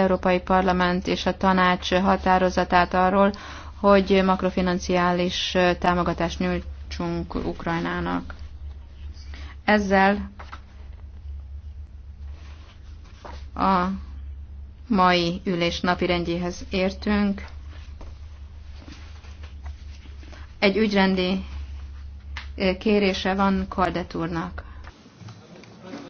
Európai Parlament és a tanács határozatát arról, hogy makrofinanciális támogatást nyújtsunk Ukrajnának. Ezzel a mai ülés napirendjéhez értünk. Egy ügyrendi kérése van Kardet úrnak.